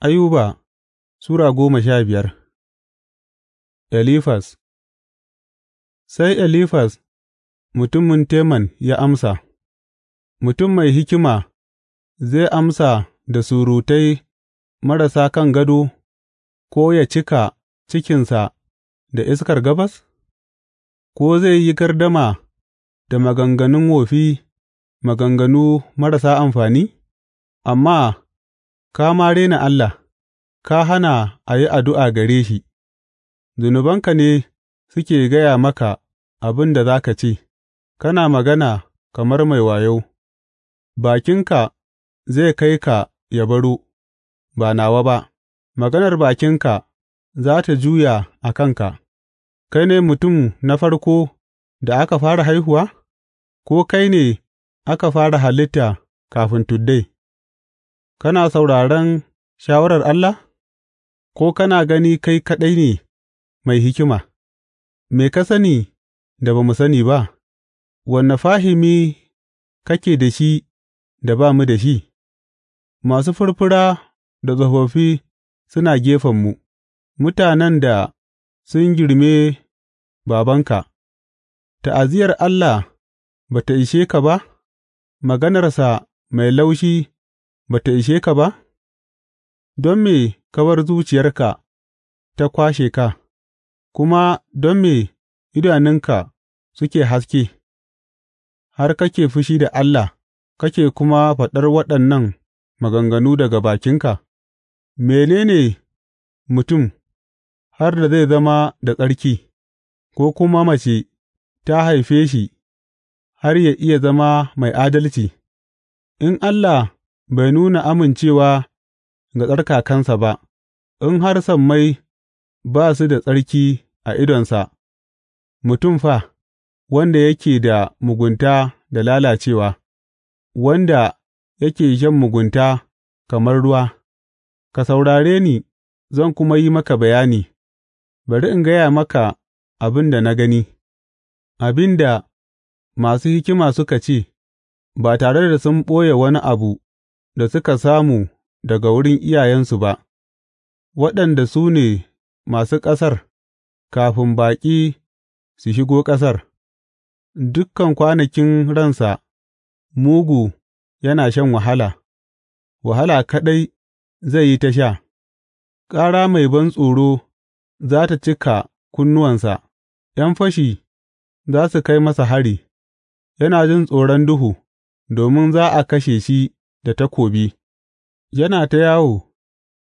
Ayuba Sura goma sha biyar elifas Sai elifas mutumin Teman ya amsa, Mutum mai hikima zai amsa da surutai marasa kan gado ko ya cika cikinsa da iskar gabas? Ko zai yi gardama da maganganun wofi maganganu marasa amfani? Amma ka ma rena Allah, ka hana a yi addu'a gare shi, zunubanka ne suke gaya maka abin da za ka ce, kana magana kamar mai wayo, bakinka zai kai ka ya baro, ba nawa ba, maganar bakinka za ta juya a kanka, kai ne mutum na farko da aka fara haihuwa, ko kai ne aka fara halitta kafin tuddai? Kana sauraron shawarar Allah, ko kana gani kai kaɗai ne mai hikima? Me ka sani da ba mu sani ba, wane fahimi kake da shi da ba mu da shi? Masu furfura da tsofaffi suna gefenmu, mutanen da sun girme babanka, ta'aziyyar Allah ba ta ishe ka ba, maganarsa mai laushi. ba ta ishe ka ba? Don me ka bar zuciyarka ta kwashe ka, kuma don me idanunka suke haske, har kake fushi da Allah, kake kuma faɗar waɗannan maganganu daga bakinka? Menene mutum har da zai zama da tsarki, ko kuma mace ta haife shi har ya iya zama mai adalci, in Allah bai nuna amincewa ga tsarkakansa ba, in har sammai ba su da tsarki a idonsa, mutum fa, wanda yake da mugunta da lalacewa, wanda yake shan mugunta kamar ruwa, ka saurare ni zan kuma yi maka bayani, bari in gaya maka abin da na gani, abin da masu hikima suka ce, ba tare da sun ɓoye wani abu da suka samu daga wurin iyayensu ba, waɗanda su ne masu ƙasar kafin baƙi su shigo ƙasar, dukan kwanakin ransa mugu yana shan wahala, wahala kaɗai zai yi ta sha, ƙara mai ban tsoro za ta cika kunnuwansa, ’yan fashi za su kai masa hari, yana jin tsoron duhu, domin za a kashe shi da takobi, yana ta yawo,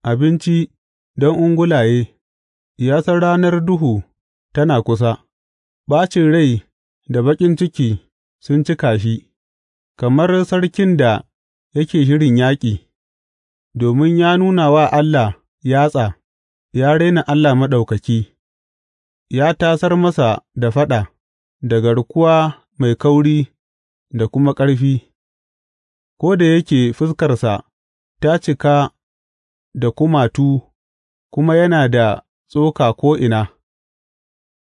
abinci don ungulaye, ya san ranar duhu tana kusa, ɓacin rai da baƙin ciki sun cika shi, kamar sarkin da yake shirin yaƙi, domin ya nuna wa Allah yatsa, ya raina Allah Maɗaukaki, ya tasar masa da faɗa, da garkuwa mai kauri da kuma ƙarfi. ko da yake fuskarsa ta cika da kumatu kuma yana da tsoka ko'ina,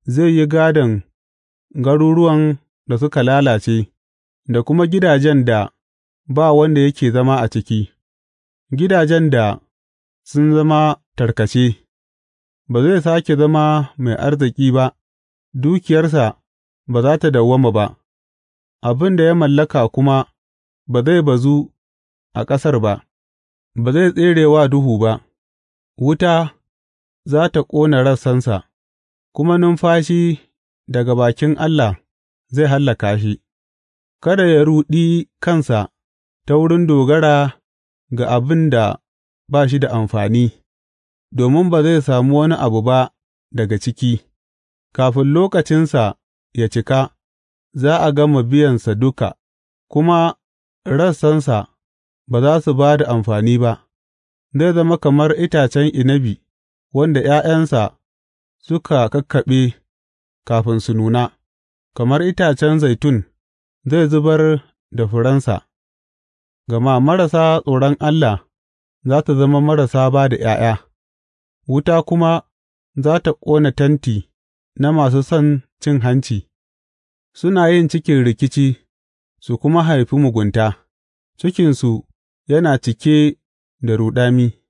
zai yi gadon garuruwan da suka lalace, da kuma gidajen da ba wanda yake zama a ciki, gidajen da sun zama tarkace, ba zai sake zama mai arziki ba, dukiyarsa ba za ta dawwama ba, abin da ya mallaka kuma ba zai bazu a ƙasar ba, ba zai tsere wa duhu ba, wuta za ta ƙona rassansa, kuma numfashi daga bakin Allah zai hallaka shi, kada ya ruɗi kansa ta wurin dogara ga abin da ba shi da amfani, domin ba zai samu wani abu ba daga ciki, kafin lokacinsa ya cika, za a gama biyansa duka, kuma rassansa ba za su ba da amfani ba, zai zama kamar itacen inabi wanda ’ya'yansa suka kakkaɓe kafin su nuna, kamar itacen zaitun zai zubar da furensa, gama marasa tsoron Allah za ta zama marasa ba da ’ya'ya, wuta kuma za ta ƙona tenti na masu son cin hanci, suna yin cikin rikici. su kuma haifi mugunta; cikinsu yana cike da ruɗami.